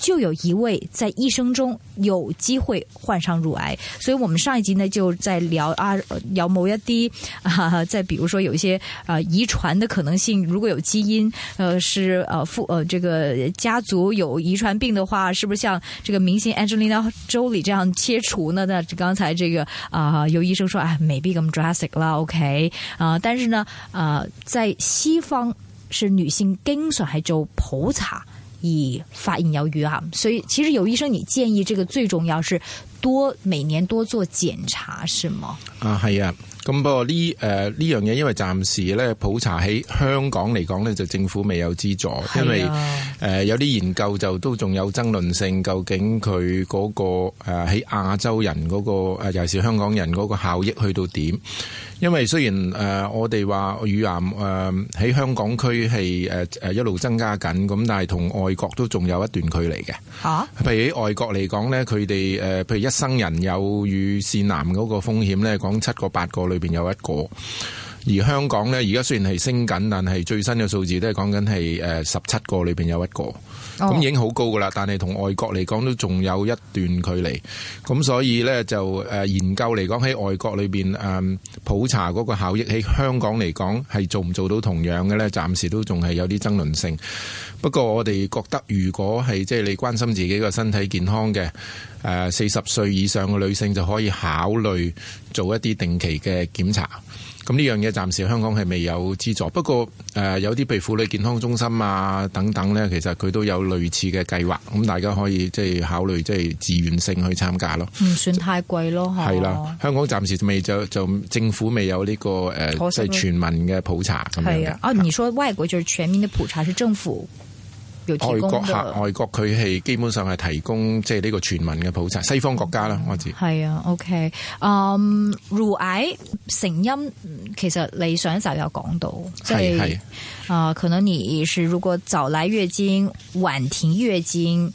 就有一位在一生中有機會患上乳癌，所以我們上一集呢就在聊啊，聊某些哈哈，再比如說有一些啊遺傳的可能性，如果有基因呃是、啊、父呃父呃這個家族有遺傳病的話，是不是像這個明星 Angelina Jolie 這樣切除呢？那剛才這個啊有醫生說啊、哎、，maybe 更 drastic 了，OK 啊，但是呢啊，在西方是女性經常還做普查。而發現有餘啊，所以其實有醫生你建議，這個最重要是多每年多做檢查，是嗎？啊係啊，咁、啊、不過呢誒呢樣嘢，因為暫時咧普查喺香港嚟講呢，就政府未有資助，因為誒、啊呃、有啲研究就都仲有爭論性，究竟佢嗰、那個喺、呃、亞洲人嗰、那個、呃、尤其是香港人嗰個效益去到點？因為雖然誒我哋話乳癌誒喺香港區係誒誒一路增加緊，咁但係同外國都仲有一段距離嘅。嚇、啊，譬如喺外國嚟講咧，佢哋誒譬如一生人有乳腺癌嗰個風險咧，講七個八個裏面有一個，而香港咧而家雖然係升緊，但係最新嘅數字都係講緊係誒十七個裏邊有一個。咁已經好高㗎喇，但係同外國嚟講都仲有一段距離，咁所以呢，就誒研究嚟講喺外國裏面誒普查嗰個效益喺香港嚟講係做唔做到同樣嘅呢？暫時都仲係有啲爭論性。不過我哋覺得如果係即係你關心自己個身體健康嘅誒四十歲以上嘅女性就可以考慮做一啲定期嘅檢查。咁呢樣嘢暫時香港係未有資助，不過、呃、有啲譬如婦女健康中心啊等等咧，其實佢都有類似嘅計劃，咁大家可以即係考慮即係自願性去參加咯。唔算太貴咯，係就啦。香港暫時未就就政府未有呢、這個即係、呃就是、全民嘅普查咁樣嘅。哦、啊，你說外國就是全民嘅普查是政府。外國客，外國佢係基本上係提供即係呢個全民嘅普查，西方國家啦，我知。係啊，OK，嗯，乳癌、啊 okay. um, 成因其實你上一集有講到，即係啊，可能你是如果早來月經、晚停月經。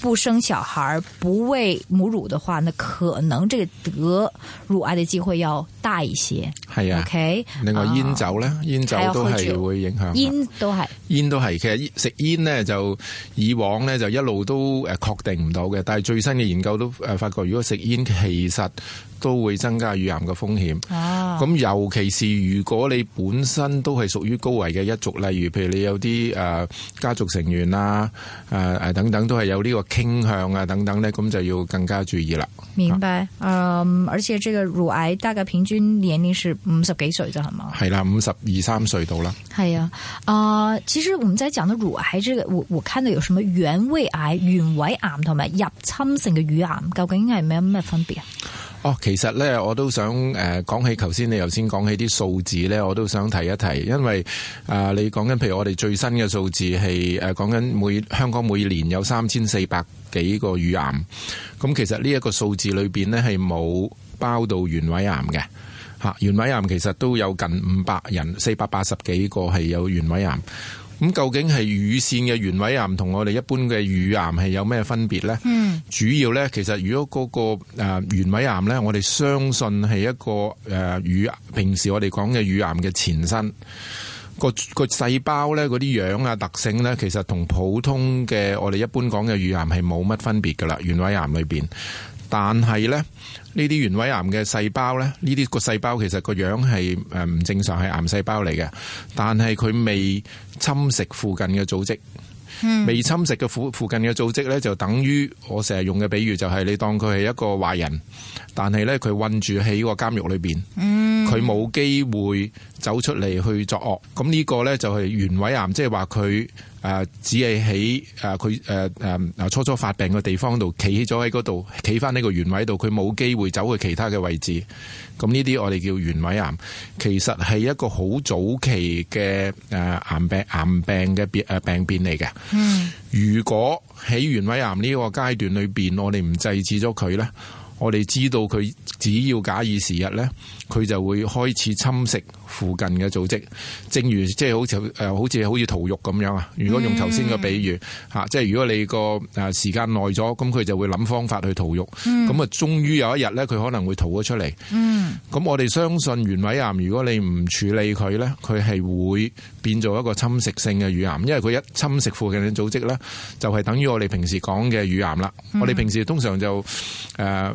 不生小孩，不餵母乳的話，那可能這個得乳癌的機會要大一些。係啊，OK。另外煙酒呢？哦、煙酒都係會影響。煙都係，煙都係。其實食煙呢，就以往呢，就一路都誒確定唔到嘅，但係最新嘅研究都誒發覺，如果食煙其實都會增加乳癌嘅風險。咁、哦、尤其是如果你本身都係屬於高危嘅一族，例如譬如你有啲誒、呃、家族成員啊誒誒等等都係有呢、這個。傾向啊等等咧，咁就要更加注意啦。明白，嗯，而且這個乳癌大概平均年齡是五十幾歲，係嘛？係啦，五十二三歲到啦。係啊，52，啊、呃，其實我們在講的乳癌，這個我我看到有什麼原位癌、原位癌同埋入侵性嘅乳癌，究竟係咩咩分別啊？哦，其實呢，我都想誒、呃、講起頭先，你頭先講起啲數字呢，我都想提一提，因為啊、呃，你講緊譬如我哋最新嘅數字係誒、啊、講緊每香港每年有三千四百幾個乳癌，咁、嗯、其實呢一個數字裏面呢，係冇包到原位癌嘅、啊、原位癌其實都有近五百人，四百八十幾個係有原位癌。咁究竟係乳腺嘅原位癌同我哋一般嘅乳癌係有咩分別呢？嗯、主要呢，其實如果嗰、個、呃、原位癌呢，我哋相信係一個誒、呃、乳平時我哋講嘅乳癌嘅前身，個個細胞呢嗰啲樣啊特性呢，其實同普通嘅我哋一般講嘅乳癌係冇乜分別噶啦，原位癌裏邊。但係咧，呢啲原位癌嘅細胞咧，呢啲個細胞其實個樣係誒唔正常，係癌細胞嚟嘅。但係佢未侵蝕附近嘅組織，嗯、未侵蝕嘅附附近嘅組織咧，就等於我成日用嘅比喻，就係你當佢係一個壞人，但係咧佢困住喺個監獄裏面。嗯佢冇機會走出嚟去作惡，咁呢個呢，就係原位癌，即係話佢誒只係喺誒佢誒誒初初發病嘅地方度企起咗喺嗰度，企翻呢個原位度，佢冇機會走去其他嘅位置。咁呢啲我哋叫原位癌，其實係一個好早期嘅誒、呃、癌病癌病嘅病誒病變嚟嘅。嗯，如果喺原位癌呢個階段裏邊，我哋唔制止咗佢呢，我哋知道佢只要假以時日呢，佢就會開始侵蝕附近嘅組織，正如即係、呃、好似、呃、好似好似逃獄咁樣啊！如果用頭先嘅比喻、嗯啊、即係如果你個時間耐咗，咁佢就會諗方法去逃獄。咁啊、嗯，終於有一日呢，佢可能會逃咗出嚟。咁、嗯、我哋相信原位癌，如果你唔處理佢呢，佢係會變做一個侵蝕性嘅乳癌，因為佢一侵蝕附近嘅組織呢，就係、是、等於我哋平時講嘅乳癌啦。嗯、我哋平時通常就誒。呃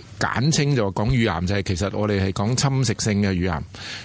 簡稱就是講乳癌就係、是、其實我哋係講侵蝕性嘅乳癌，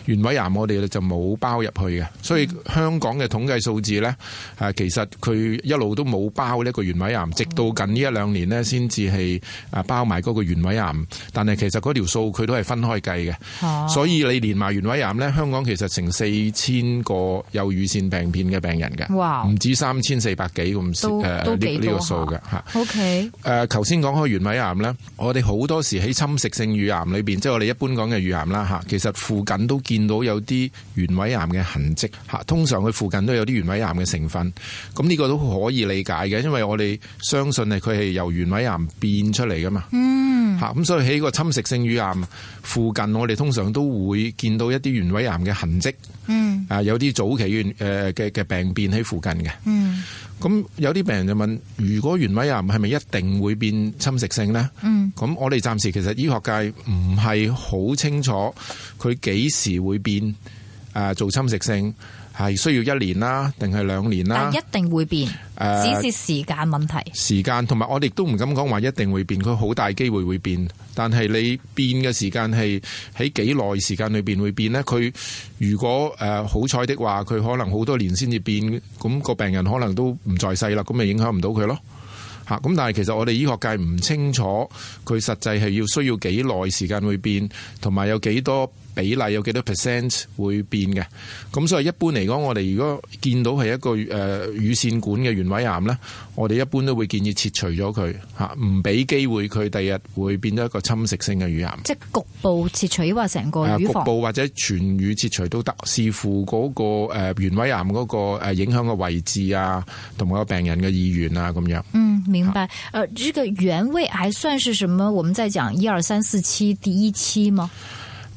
原位癌我哋就冇包入去嘅，所以香港嘅統計數字呢，啊其實佢一路都冇包呢個原位癌，直到近呢一兩年呢，先至係啊包埋嗰個原位癌，但係其實嗰條數佢都係分開計嘅，所以你連埋原位癌呢，香港其實成四千個有乳腺病變嘅病人嘅，唔 Wow, 止三千四百幾咁呢個數嘅嚇。O K 誒頭先講開原位癌呢，我哋好多時。喺侵蝕性乳癌裏邊，即係我哋一般講嘅乳癌啦嚇，其實附近都見到有啲原位癌嘅痕跡嚇，通常佢附近都有啲原位癌嘅成分，咁、這、呢個都可以理解嘅，因為我哋相信係佢係由原位癌變出嚟噶嘛，嗯嚇，咁所以喺個侵蝕性乳癌附近，我哋通常都會見到一啲原位癌嘅痕跡，嗯啊，有啲早期原誒嘅嘅病變喺附近嘅，嗯。咁有啲病人就問：如果原位癌係咪一定會變侵蝕性呢？嗯、咁、我哋暫時其實醫學界唔係好清楚佢幾時會變誒做侵蝕性。係需要一年啦，定係兩年啦？但一定會變，誒，只是時間問題。呃、時間同埋我哋都唔敢講話一定會變，佢好大機會會變。但係你變嘅時間係喺幾耐時間裏邊會變呢？佢如果誒好彩的話，佢可能好多年先至變，咁、個病人可能都唔在世啦，咁咪影響唔到佢咯。吓、啊，咁但係其實我哋醫學界唔清楚佢實際係要需要幾耐時間會變，同埋有幾多，比例有幾多 percent 會變嘅？咁所以一般嚟講，我哋如果見到係一個誒乳腺管嘅原位癌咧，我哋一般都會建議切除咗佢嚇，唔俾機會佢第日，日會變咗一個侵蝕性嘅乳癌。即局部切除抑或成個乳房，啊？局部或者全乳切除都得，視乎嗰、嗰個、呃、原位癌嗰個影響嘅位置啊，同埋個病人嘅意願啊咁樣。嗯，明白。誒、啊，這個原位還算是什麼？我們在講一二三四期第一期嗎？誒，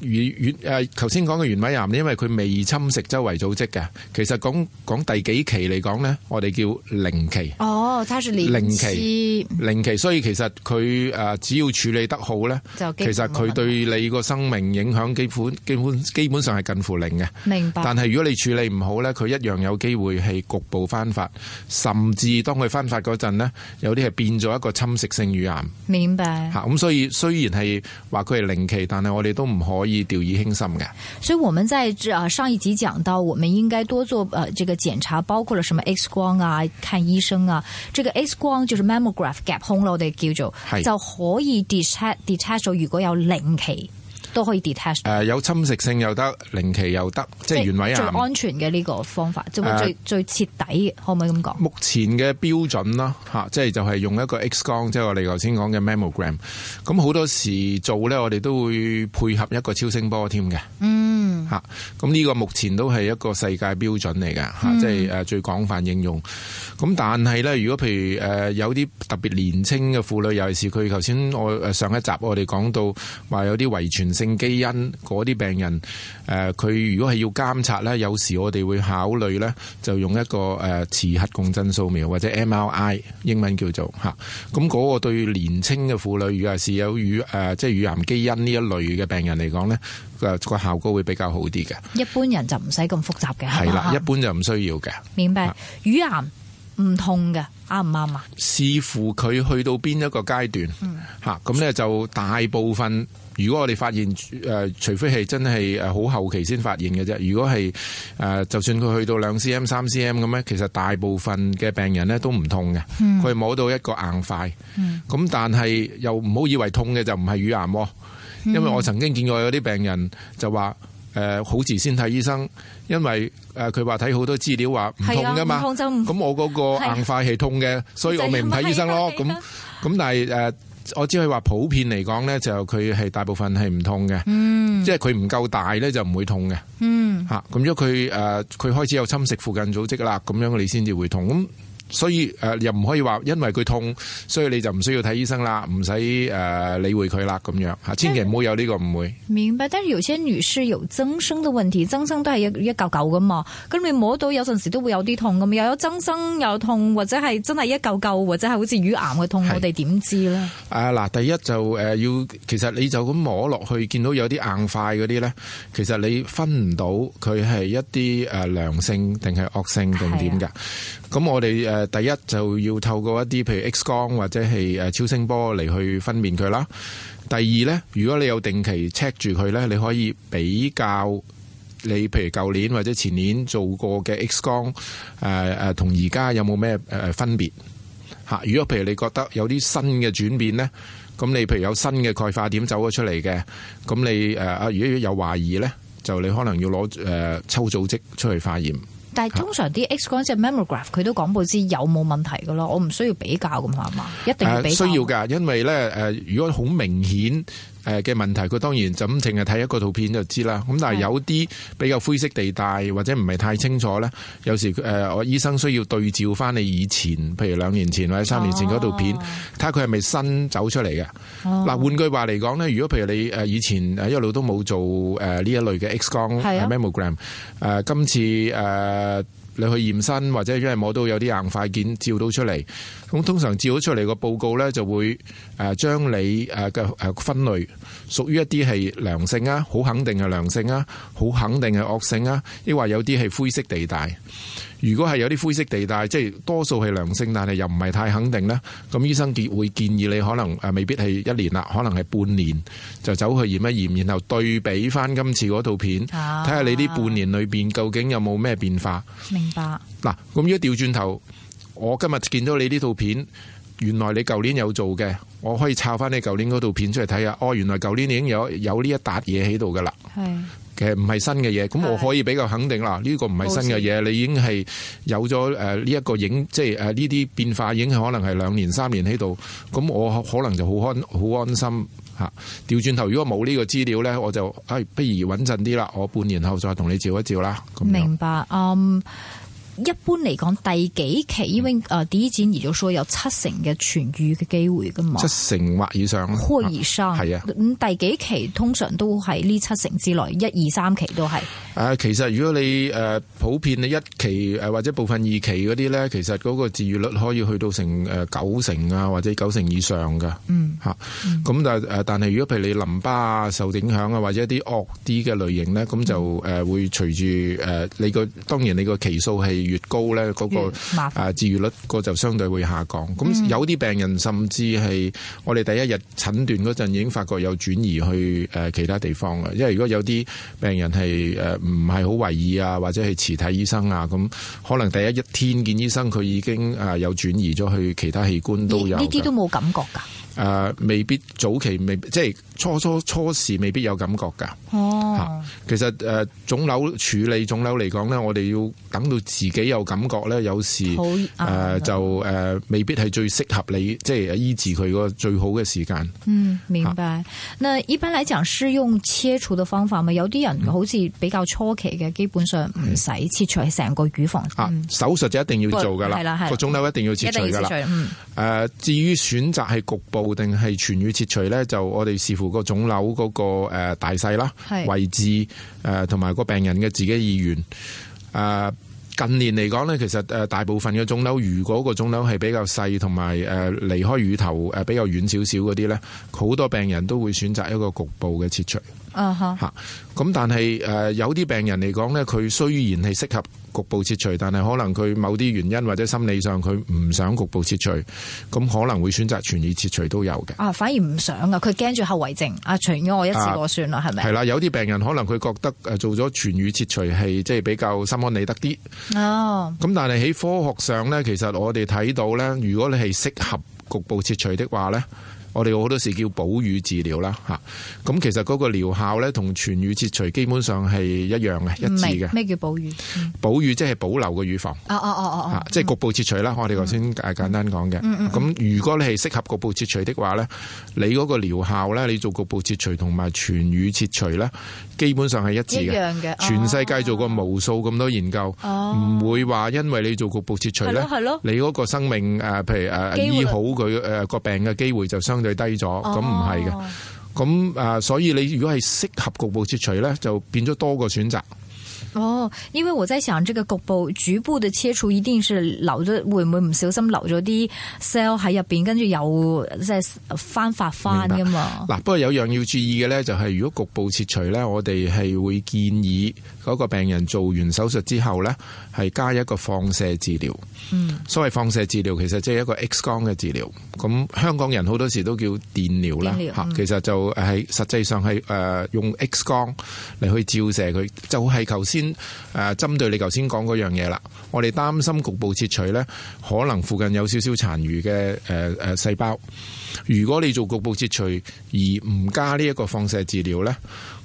圓圓誒頭先講嘅原位癌，因為佢未侵蝕周圍組織嘅，其實講講第幾期嚟講咧，我哋叫零期。哦，他零期零期，所以其實佢誒只要處理得好咧，就幾其實佢對你個生命影響基本基本基本上係近乎零嘅。明白。但係如果你處理唔好咧，佢一樣有機會係局部翻發，甚至當佢翻發嗰陣咧，有啲係變咗一個侵蝕性乳癌。明白。嚇咁，嗯，所以雖然係話佢係零期，但我哋都唔可以掉以輕心嘅，所以我們在啊上一集講到，我們應該多做誒，這個檢查包括了什麼 X 光啊，看醫生啊，這個 X 光就是 mammograph gap hole，我哋叫做是就可以 detect detect 的如果有零期。都可以 detach、呃。誒有侵蝕性又得，零期又得，即係原位啊！最安全嘅呢個方法，最、呃、最最徹底，可唔可以咁講？目前嘅標準啦，吓、啊，即係就係、是、用一個 X 光，即係我哋頭先講嘅 mammogram。咁好多時做咧，我哋都會配合一個超聲波添嘅。嗯，吓、啊，咁呢個目前都係一個世界標準嚟嘅吓，即係誒最廣泛應用。咁、嗯、但係咧，如果譬如誒、啊、有啲特別年輕嘅婦女，尤其是佢頭先我誒上一集我哋講到話有啲遺傳。性基因嗰啲病人，誒、呃，佢如果係要監察咧，有時我哋會考慮咧，就用一個誒、呃、磁核共振掃描或者 MRI，英文叫做吓，咁、啊、嗰、那個對年輕嘅婦女，尤其是有乳誒、呃、即係乳癌基因呢一類嘅病人嚟講咧，個個效果會比較好啲嘅。一般人就唔使咁複雜嘅，係啦吧，一般就唔需要嘅。明白，乳癌唔痛嘅，啱唔啱啊？視乎佢去到邊一個階段吓，咁咧、嗯啊、就大部分。如果我哋發現誒，除非係真係誒好後期先發現嘅啫。如果係誒，就算佢去到兩 cm、三 cm 咁咧，其實大部分嘅病人咧都唔痛嘅。佢摸到一個硬塊。咁但係又唔好以為痛嘅就唔係乳癌喎。因為我曾經見過有啲病人就話誒好遲先睇醫生，因為誒佢話睇好多資料話唔痛㗎嘛。咁我嗰個硬塊係痛嘅，所以我咪唔睇醫生咯。咁咁但係誒。我只可以話普遍嚟講咧，就佢係大部分係唔痛嘅，嗯、即係佢唔夠大咧就唔會痛嘅，吓咁、嗯、如果佢誒，佢開始有侵蝕附近組織噶啦，咁樣你先至會痛咁。所以誒、呃，又唔可以話，因為佢痛，所以你就唔需要睇醫生啦，唔使誒理會佢啦，咁樣吓，千祈唔好有呢、這個誤但會。明白，但係有些女士有增生的問題，增生都係一一嚿嚿噶嘛。咁你摸到有陣時都會有啲痛噶嘛，又有增生又痛，或者係真係一嚿嚿，或者係好似乳癌嘅痛，是我哋點知咧？啊嗱、呃，第一就誒要、呃，其實你就咁摸落去，見到有啲硬塊嗰啲咧，其實你分唔到佢係一啲誒、呃、良性定係惡性定點噶。咁我哋第一就要透過一啲譬如 X 光或者係超聲波嚟去分辨佢啦。第二咧，如果你有定期 check 住佢咧，你可以比較你譬如舊年或者前年做過嘅 X 光誒誒、呃呃，同而家有冇咩、呃、分別嚇、啊、如果譬如你覺得有啲新嘅轉變咧，咁你譬如有新嘅鈣化點走咗出嚟嘅，咁你誒啊、呃，如果有懷疑咧，就你可能要攞、呃、抽組織出去化驗。但通常啲 X 光即係 mammograph，佢都講到知有冇問題嘅咯，我唔需要比較咁係嘛？一定要比較。需要㗎，因為咧誒、呃，如果好明顯。誒嘅問題，佢當然就咁淨係睇一個圖片就知啦。咁但係有啲比較灰色地帶或者唔係太清楚咧，有時誒、呃、我醫生需要對照翻你以前，譬如兩年前或者三年前嗰套片，睇下佢係咪新走出嚟嘅？嗱、哦、換句話嚟講咧，如果譬如你誒以前一路都冇做誒呢一類嘅 X 光係、啊、mammogram，誒、呃、今次誒。呃你去驗身，或者因為摸到有啲硬塊件，照到出嚟，咁通常照到出嚟個報告呢，就會誒將你誒嘅分類屬於一啲係良性啊，好肯定係良性啊，好肯定係惡性啊，抑或者有啲係灰色地帶。如果係有啲灰色地帶，即係多數係良性，但係又唔係太肯定咧，咁醫生會建議你可能誒未必係一年啦，可能係半年就走去驗一驗，然後對比翻今次嗰套片，睇下明白。你呢半年裏邊究竟有冇咩變化。明白。嗱，咁如果調轉頭，我今日見到你呢套片，原來你舊年有做嘅，我可以抄翻你舊年嗰套片出嚟睇下。哦，原來舊年已經有有呢一笪嘢喺度㗎啦。係。其實唔係新嘅嘢，咁我可以比較肯定啦。呢個唔係新嘅嘢，你已經係有咗誒呢一個影，即係誒呢啲變化已經可能係兩年三年喺度。咁我可能就好安好安心嚇。調轉頭，如果冇呢個資料呢，我就、哎、不如穩陣啲啦。我半年後再同你照一照啦。明白。嗯。一般嚟講，第幾期因為誒啲展移做數有七成嘅痊愈嘅機會噶嘛，七成或以上，或以上，係啊，咁第幾期通常都係呢七成之內，一二三期都係。誒、啊，其實如果你誒、呃、普遍你一期誒、呃、或者部分二期嗰啲咧，其實嗰個治愈率可以去到成誒九成啊，或者九成以上嘅，嗯，咁但係誒，但係、呃、如果譬如你淋巴受影響啊，或者一啲惡啲嘅類型咧，咁就誒、呃、會隨住誒、呃、你個當然你個期數係。越高呢，嗰個誒治癒率個就相對會下降。咁有啲病人甚至係我哋第一日診斷嗰陣已經發覺有轉移去其他地方嘅，因為如果有啲病人係誒唔係好為意啊，或者係遲睇醫生啊，咁可能第一一天見醫生佢已經有轉移咗去其他器官都有。呢啲都冇感覺㗎。誒、呃、未必早期未必即係初初初時未必有感覺㗎。哦、啊，其實誒、呃、腫瘤處理腫瘤嚟講咧，我哋要等到自己有感覺咧，有時誒就誒、呃、未必係最適合你即係醫治佢個最好嘅時間。嗯，明白。啊、那一般嚟講係用切除嘅方法咪？有啲人好似比較初期嘅，基本上唔使切除，成個乳房。手術就一定要做㗎啦，係啦，係啦，個腫瘤一定要切除㗎啦。誒，至於選擇係局部定係全乳切除呢？就我哋視乎個腫瘤嗰個誒大細啦，是位置誒同埋個病人嘅自己意願。誒近年嚟講呢，其實誒大部分嘅腫瘤，如果個腫瘤係比較細，同埋誒離開乳頭誒比較遠少少嗰啲呢，好多病人都會選擇一個局部嘅切除。啊咁、uh huh. 但係誒有啲病人嚟講呢，佢雖然係適合。局部切除，但係可能佢某啲原因或者心理上佢唔想局部切除，咁可能會選擇全乳切除都有嘅。啊，反而唔想噶，佢驚住後遺症。啊，除咗我一次過算啦，係咪？係啦，有啲病人可能佢覺得誒做咗全乳切除係即係比較心安理得啲。哦。咁但係喺科學上咧，其實我哋睇到咧，如果你係適合局部切除嘅話咧，我哋好多時叫保乳治療啦，嚇咁其實嗰個療效咧同全乳切除基本上係一樣嘅，一致嘅。咩叫保乳？保乳即係保留嘅乳房，即係局部切除啦。我哋頭先誒簡單講嘅，咁如果你係適合局部切除的話咧，你嗰個療效咧，你做局部切除同埋全乳切除咧，基本上係一致嘅。全世界做過無數咁多研究，唔會話因為你做局部切除咧，係咯，你嗰個生命誒，譬如誒醫好佢誒個病嘅機會就相對低咗，咁唔係嘅，咁啊、oh. 呃，所以你如果係適合局部切除咧，就變咗多個選擇。哦，因為我在想，這個局部局部的切除一定是留咗會唔會唔小心留咗啲 cell 喺入邊，跟住又即係翻發翻噶嘛？嗱，不過有樣要注意嘅咧，就係、是、如果局部切除咧，我哋係會建議個病人做完手術之後咧，係加一個放射治療。嗯，所謂放射治療其實即係一個 X 光嘅治療。咁香港人好多時都叫電療啦吓，嗯、其實就係實際上係誒、呃、用 X 光嚟去照射佢，就係頭先。誒，針對你頭先講嗰樣嘢啦，我哋擔心局部切除呢，可能附近有少少殘餘嘅誒誒細胞。如果你做局部切除而唔加呢一個放射治療呢。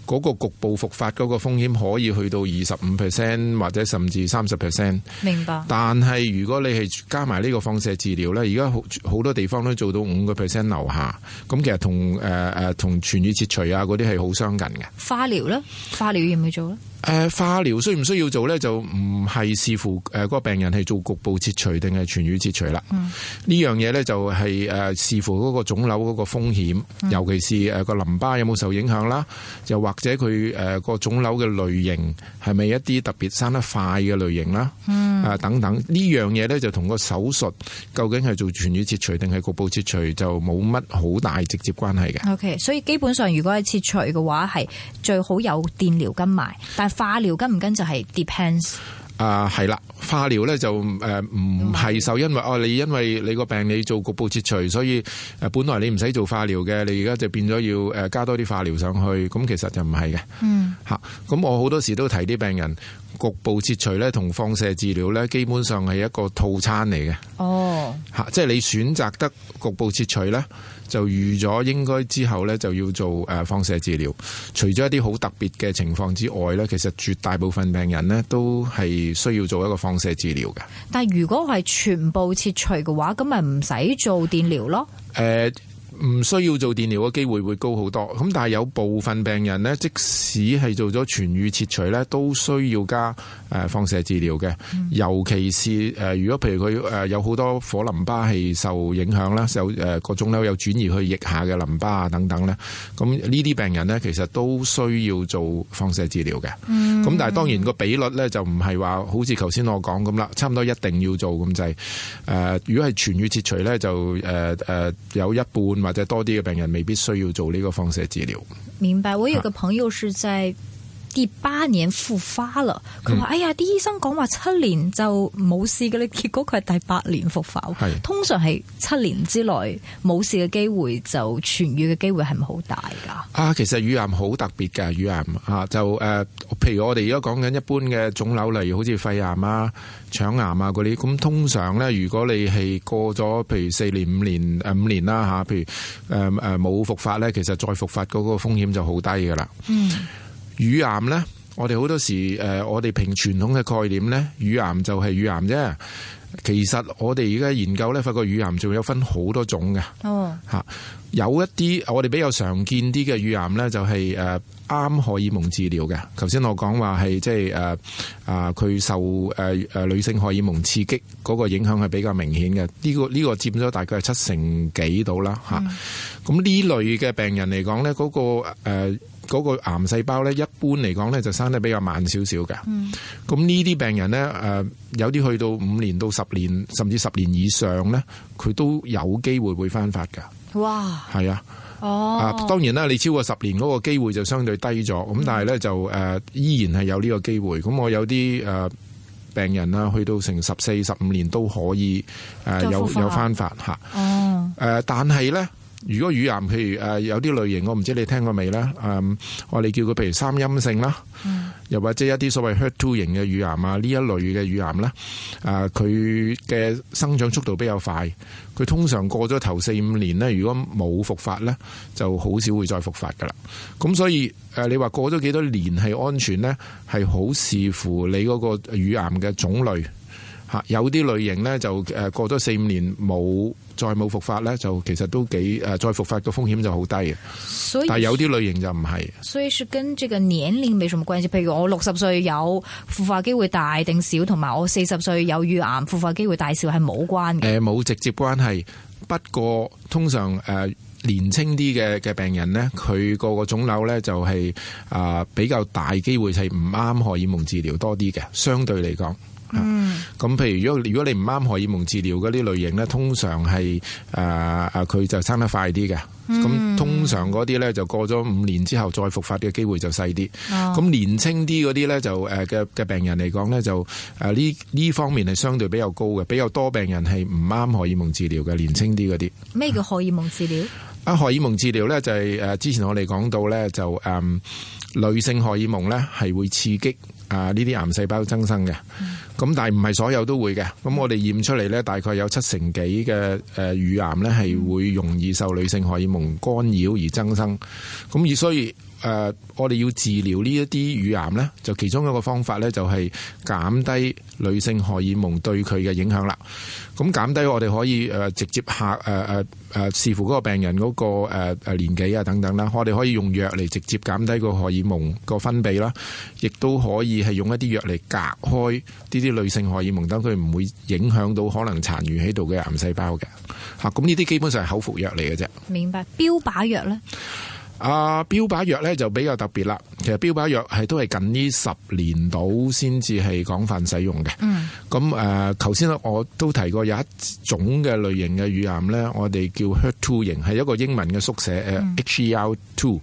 嗰個局部復發嗰個風險可以去到二十五 percent 或者甚至三十 percent。明白。但係如果你係加埋呢個放射治療咧，而家好好多地方都做到五個 percent 以下。咁其實同誒誒同全乳切除啊嗰啲係好相近嘅。化療咧，化療要唔要做咧？誒、呃，化療需唔需要做咧？就唔係視乎誒個病人係做局部切除定係全乳切除啦。呢、嗯、樣嘢咧就係、是、誒、呃、視乎嗰個腫瘤嗰個風險，尤其是誒個淋巴有冇受影響啦，又或，或者佢誒個腫瘤嘅類型係咪一啲特別生得快嘅類型啦？嗯、啊等等呢樣嘢咧，就同個手術究竟係做全乳切除定係局部切除就冇乜好大直接關係嘅。OK，所以基本上如果係切除嘅話，係最好有電療跟埋，但係化療跟唔跟就係 depends。啊，係啦，化療咧就誒唔係受，因為、嗯、哦你因為你個病你做局部切除，所以誒本來你唔使做化療嘅，你而家就變咗要加多啲化療上去，咁其實就唔係嘅。嗯，咁、啊、我好多時都提啲病人局部切除咧，同放射治療咧，基本上係一個套餐嚟嘅。哦，啊、即係你選擇得局部切除咧。就預咗應該之後呢，就要做誒放射治療。除咗一啲好特別嘅情況之外呢，其實絕大部分病人呢都係需要做一個放射治療嘅。但如果係全部切除嘅話，咁咪唔使做電療咯。呃唔需要做電療嘅機會會高好多，咁但係有部分病人呢，即使係做咗痊愈切除呢，都需要加誒放射治療嘅。尤其是誒，如、呃、果譬如佢誒、呃、有好多火淋巴係受影響啦，有誒各種咧有轉移去腋下嘅淋巴啊等等呢。咁呢啲病人呢，其實都需要做放射治療嘅。咁、嗯、但係當然個比率呢，就唔係話好似頭先我講咁啦，差唔多一定要做咁就誒，如果係痊愈切除呢，就誒、呃呃、有一半。或者多啲嘅病人未必需要做呢個放射治療。明白。我有個朋友是在、啊。第八年復發啦！佢話：哎呀，啲醫生講話七年就冇事嘅，你結果佢係第八年復發。係通常係七年之內冇事嘅機會，就痊癒嘅機會係咪好大噶？啊，其實乳癌好特別嘅乳癌啊，就誒、呃，譬如我哋而家講緊一般嘅腫瘤，例如好似肺癌啊、腸癌啊嗰啲，咁通常咧，如果你係過咗譬如四年、五年、誒、呃、五年啦吓、啊，譬如誒誒冇復發咧，其實再復發嗰個風險就好低噶啦。嗯。乳癌呢，我哋好多時誒，我哋憑傳統嘅概念呢，乳癌就係乳癌啫。其實我哋而家研究呢，發覺乳癌仲有分好多種嘅。哦，吓有一啲我哋比較常見啲嘅乳癌呢，就是，就係誒啱荷爾蒙治療嘅。頭先我講話係即係誒啊，佢、啊、受誒女性荷爾蒙刺激嗰個影響係比較明顯嘅。呢、呢個呢，呢個佔咗大概係七成幾到啦。咁呢類嘅病人嚟講呢，嗰、嗰個、啊嗰個癌細胞咧，一般嚟講咧就生得比較慢少少嘅。咁呢啲病人咧，誒，有啲去到五年到十年，甚至十年以上咧，佢都有機會會翻發噶。哇，係啊，哦，啊，當然啦，你超過十年嗰、那個機會就相對低咗。咁但係咧就誒、呃，依然係有呢個機會。咁我有啲誒、呃、病人啦，去到成十四、十五年都可以誒、呃，有有翻發吓。誒、嗯啊，但係咧。如果乳癌，譬如誒有啲類型，我唔知你聽過未啦，誒、嗯，我哋叫佢譬如三陰性啦，嗯、又或者一啲所謂 HER2 型嘅乳癌啊，呢一類嘅乳癌咧，誒佢嘅生長速度比較快，佢通常過咗頭四五年咧，如果冇復發咧，就好少會再復發噶啦。咁所以誒，你話過咗幾多年係安全咧，係好視乎你嗰個乳癌嘅種類。有啲類型咧就誒過咗四五年冇再冇復發咧，就其實都幾誒再復發個風險就好低嘅。所以但有啲類型就唔係。所以說跟這個年齡沒什麼關係。譬如我六十歲有復發機會大定小，同埋我四十歲有乳癌復發機會大小係冇關嘅。誒冇、呃、直接關係。不過通常、呃、年輕啲嘅嘅病人咧，佢個個腫瘤咧就係、呃、比較大機會係唔啱荷爾蒙治療多啲嘅，相對嚟講。嗯，咁譬如如果你唔啱荷爾蒙治療嗰啲類型呢，通常係誒佢就生得快啲嘅。咁、嗯、通常嗰啲呢，就過咗五年之後再復發嘅機會就細啲。咁、哦、年輕啲嗰啲呢，就誒嘅嘅病人嚟講呢，就誒呢呢方面係相對比較高嘅，比較多病人係唔啱荷爾蒙治療嘅年輕啲嗰啲。咩叫荷爾蒙治療？啊荷爾蒙治療呢，就係誒之前我哋講到呢，就誒、呃、女性荷爾蒙呢，係會刺激啊呢啲癌細胞增生嘅。嗯咁但係唔係所有都會嘅，咁我哋驗出嚟咧，大概有七成幾嘅誒乳癌咧係會容易受女性荷爾蒙干擾而增生，咁而所以，誒、呃，我哋要治療呢一啲乳癌呢，就其中一個方法呢，就係減低女性荷爾蒙對佢嘅影響啦。咁減低我哋可以誒直接下誒誒誒視乎嗰個病人嗰、嗰個誒誒、呃、年紀啊等等啦，我哋可以用藥嚟直接減低個荷爾蒙個分泌啦，亦都可以係用一啲藥嚟隔開呢啲女性荷爾蒙，等佢唔會影響到可能殘餘喺度嘅癌細胞嘅。吓、啊，咁呢啲基本上係口服藥嚟嘅啫。明白，標靶藥呢？啊！標靶藥咧就比較特別啦。其實標靶藥係都係近呢十年度先至係廣泛使用嘅。咁誒、嗯，頭先咧我都提過有一種嘅類型嘅乳癌咧，我哋叫 HER2 型，係一個英文嘅縮寫 H-E-R-2。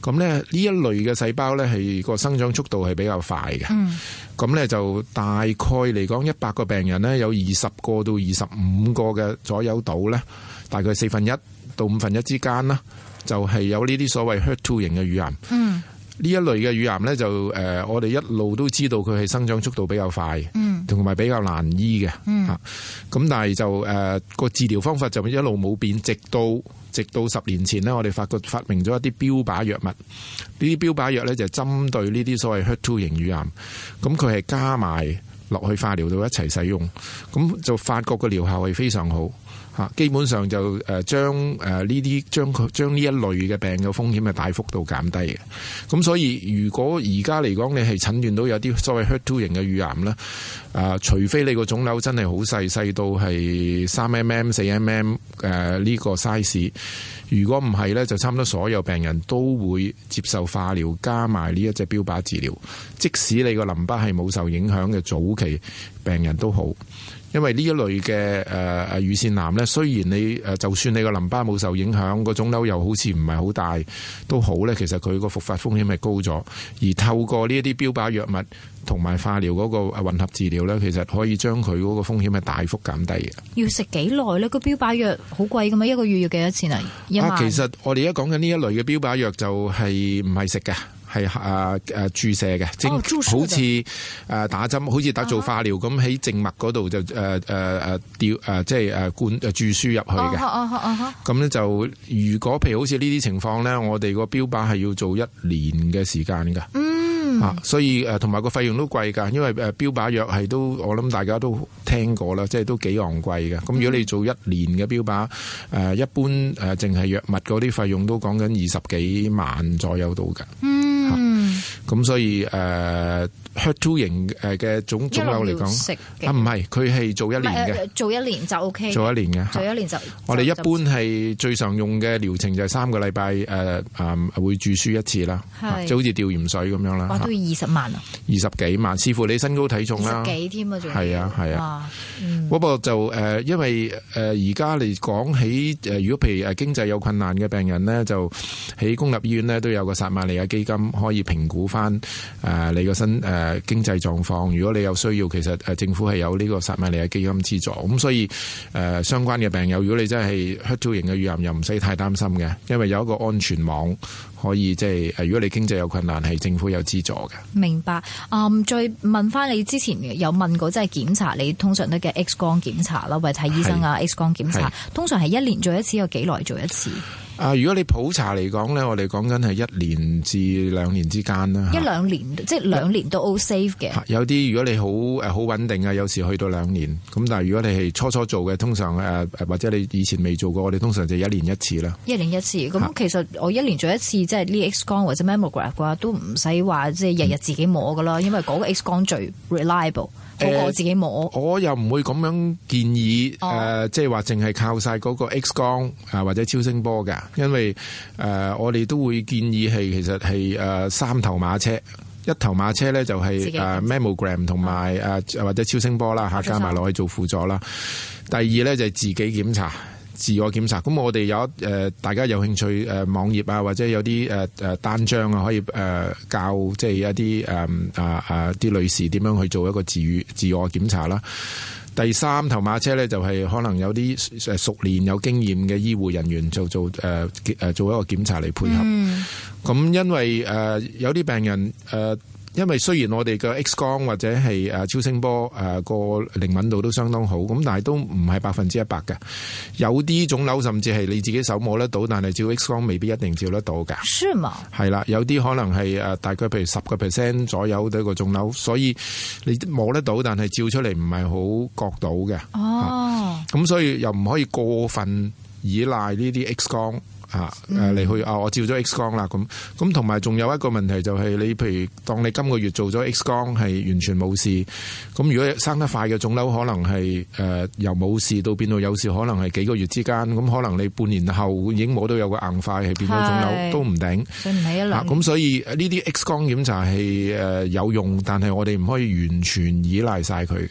咁咧呢一類嘅細胞咧係個生長速度係比較快嘅。咁咧、嗯、就大概嚟講，一百個病人咧有二十個到二十五個嘅左右度咧，大概四分一到五分一之間啦。就係有呢啲所謂 HER2 型嘅乳癌，嗯，呢一類嘅乳癌咧就誒我哋一路都知道佢係生長速度比較快，嗯，同埋比較難醫嘅嗯吓，咁但係就誒個、呃、治療方法就一路冇變，直到直到十年前咧，我哋發覺發明咗一啲標靶藥物。呢啲標靶藥咧就針對呢啲所謂 HER2 型乳癌，咁佢係加埋落去化療到一齊使用，咁就發覺個療效係非常好。基本上就誒將誒呢啲將佢將呢一類嘅病嘅風險嘅大幅度減低嘅，咁所以如果而家嚟講，你係診斷到有啲所謂 HER2 型嘅乳癌啦，啊，除非你個腫瘤真係好細細到係三 mm 四 mm 誒、啊、呢、呢個 size，如果唔係呢，就差唔多所有病人都會接受化療加埋呢一隻標靶治療，即使你個淋巴係冇受影響嘅早期病人都好。因為呢一類嘅誒誒乳腺癌咧，雖然你誒就算你個淋巴冇受影響，個腫瘤又好似唔係好大都好咧，其實佢個復發風險係高咗。而透過呢一啲標靶藥物同埋化療嗰個混合治療咧，其實可以將佢嗰個風險係大幅減低嘅。要食幾耐咧？個標靶藥好貴噶嘛，一個月要幾多錢啊？一萬。啊，其實我哋而家講緊呢一類嘅標靶藥就係唔係食㗎。係啊！誒，注射嘅，即、哦、好似像誒、啊、打針，好似打做化療咁，喺、啊、哈靜脈嗰度就誒誒誒吊誒，即係誒灌誒注輸入去嘅。咁咧、啊啊、就如果譬如好似呢啲情況咧，我哋個標靶係要做一年嘅時間噶。嗯、啊。所以誒同埋個費用都貴噶，因為標靶藥係都我諗大家都聽過啦，即、就、係、是、都幾昂貴嘅。咁如果你做一年嘅標靶誒、嗯啊，一般誒淨係藥物嗰啲費用都講緊二十幾萬左右度噶。嗯咁、嗯、所以誒。呃 HER2 型誒嘅腫腫瘤嚟講，啊唔係，佢係做一年嘅，做一年就 O、OK, K，做一年嘅，做一年就。啊、就我哋一般係最常用嘅療程就係三個禮拜誒會注輸一次啦、啊，就好似吊鹽水咁樣啦。哇，都要二十萬啊，二十幾萬，視乎你身高體重啦，十幾添啊，仲係啊係啊。不過、啊啊嗯、就誒、呃，因為誒而家嚟講起誒，呃、如果譬如誒經濟有困難嘅病人咧，就喺公立醫院咧都有個撒瑪利亞基金可以評估翻誒、呃、你個身誒。呃誒，經濟狀況，如果你有需要，其實誒政府係有呢個撒瑪利亞嘅基金資助，咁所以誒、呃、相關嘅病友，如果你真係 HER2 型嘅乳癌，又唔使太擔心嘅，因為有一個安全網可以即係如果你經濟有困難，係政府有資助嘅。明白。誒、嗯，再問翻你之前有問過，即係檢查你通常都叫 X 光檢查啦，或者睇醫生啊是，X 光檢查，是通常係一年做一次，有幾耐做一次？啊！如果你普查嚟講咧，我哋講緊係一年至兩年之間啦，一兩年是即係兩年都 all safe 嘅。有啲如果你好誒好穩定啊，有時去到兩年。咁但係如果你係初初做嘅，通常誒或者你以前未做過，我哋通常就一年一次啦。一年一次，咁，是其實我一年做一次即係呢 X 光或者 mammogram 嘅話，都唔使話即係日日自己摸噶啦，嗯、因為嗰個 X 光最 reliable。我自己摸，呃、我又唔會咁樣建議，誒、oh. 呃，即係話淨係靠晒嗰個 X 光啊，或者超聲波噶，因為誒、呃，我哋都會建議係其實係誒、呃、三頭馬車，一頭馬車咧就係、是、誒己、呃、mammogram 同埋誒、嗯啊、或者超聲波啦吓、啊、加埋落去做輔助啦。聲第二咧就係、是、自己檢查。自我檢查，咁我哋有大家有興趣誒網頁啊，或者有啲單張啊，可以教即係一啲啊啊啲女士點樣去做一個自自我檢查啦。第三頭馬車咧，就係可能有啲熟練有經驗嘅醫護人員，做做誒做一個檢查嚟配合。咁、嗯、因為有啲病人因為雖然我哋嘅 X 光或者係誒超聲波誒個靈敏度都相當好，咁但係都唔係百分之一百嘅，有啲腫瘤甚至係你自己手摸得到，但係照 X 光未必一定照得到嘅。是嗎？係啦，有啲可能係誒大概譬如十個 percent 左右對個腫瘤，所以你摸得到，但係照出嚟唔係好覺到嘅。哦，咁、啊、所以又唔可以過分依賴呢啲 X 光。啊！你去啊！我照咗 X 光啦，咁咁同埋仲有一個問題就係你，譬如當你今個月做咗 X 光係完全冇事，咁如果生得快嘅腫瘤，可能係誒由冇事到變到有事，可能係幾個月之間，咁可能你半年後已經摸到有個硬塊，係變咗腫瘤都唔頂頂唔起啦。咁所以呢啲 X 光檢查係誒有用，但係我哋唔可以完全依賴晒佢嘅。